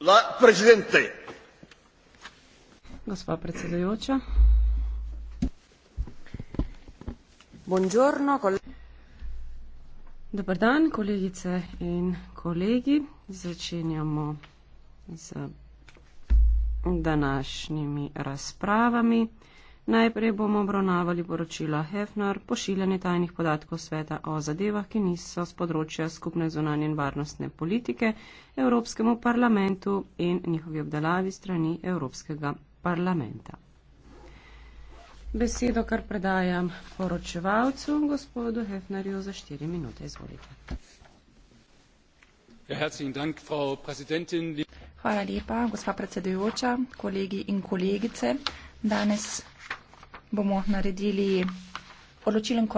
La presidente. Gospa predsedujoča. Buongiorno, Dober dan, kolegice in kolegi. Začenjamo z današnjimi razpravami. Uh, Najprej bomo obravnavali poročila Hefner, pošiljanje tajnih podatkov sveta o zadevah, ki niso z področja skupne zunanje in varnostne politike Evropskemu parlamentu in njihovi obdelavi strani Evropskega parlamenta. Besedo, kar predajam poročevalcu, gospodu Hefnerju, za štiri minute. Izvolite. Ja, Hvala lepa, gospa predsedujoča, kolegi in kolegice. Danes bomo naredili odločilen korak.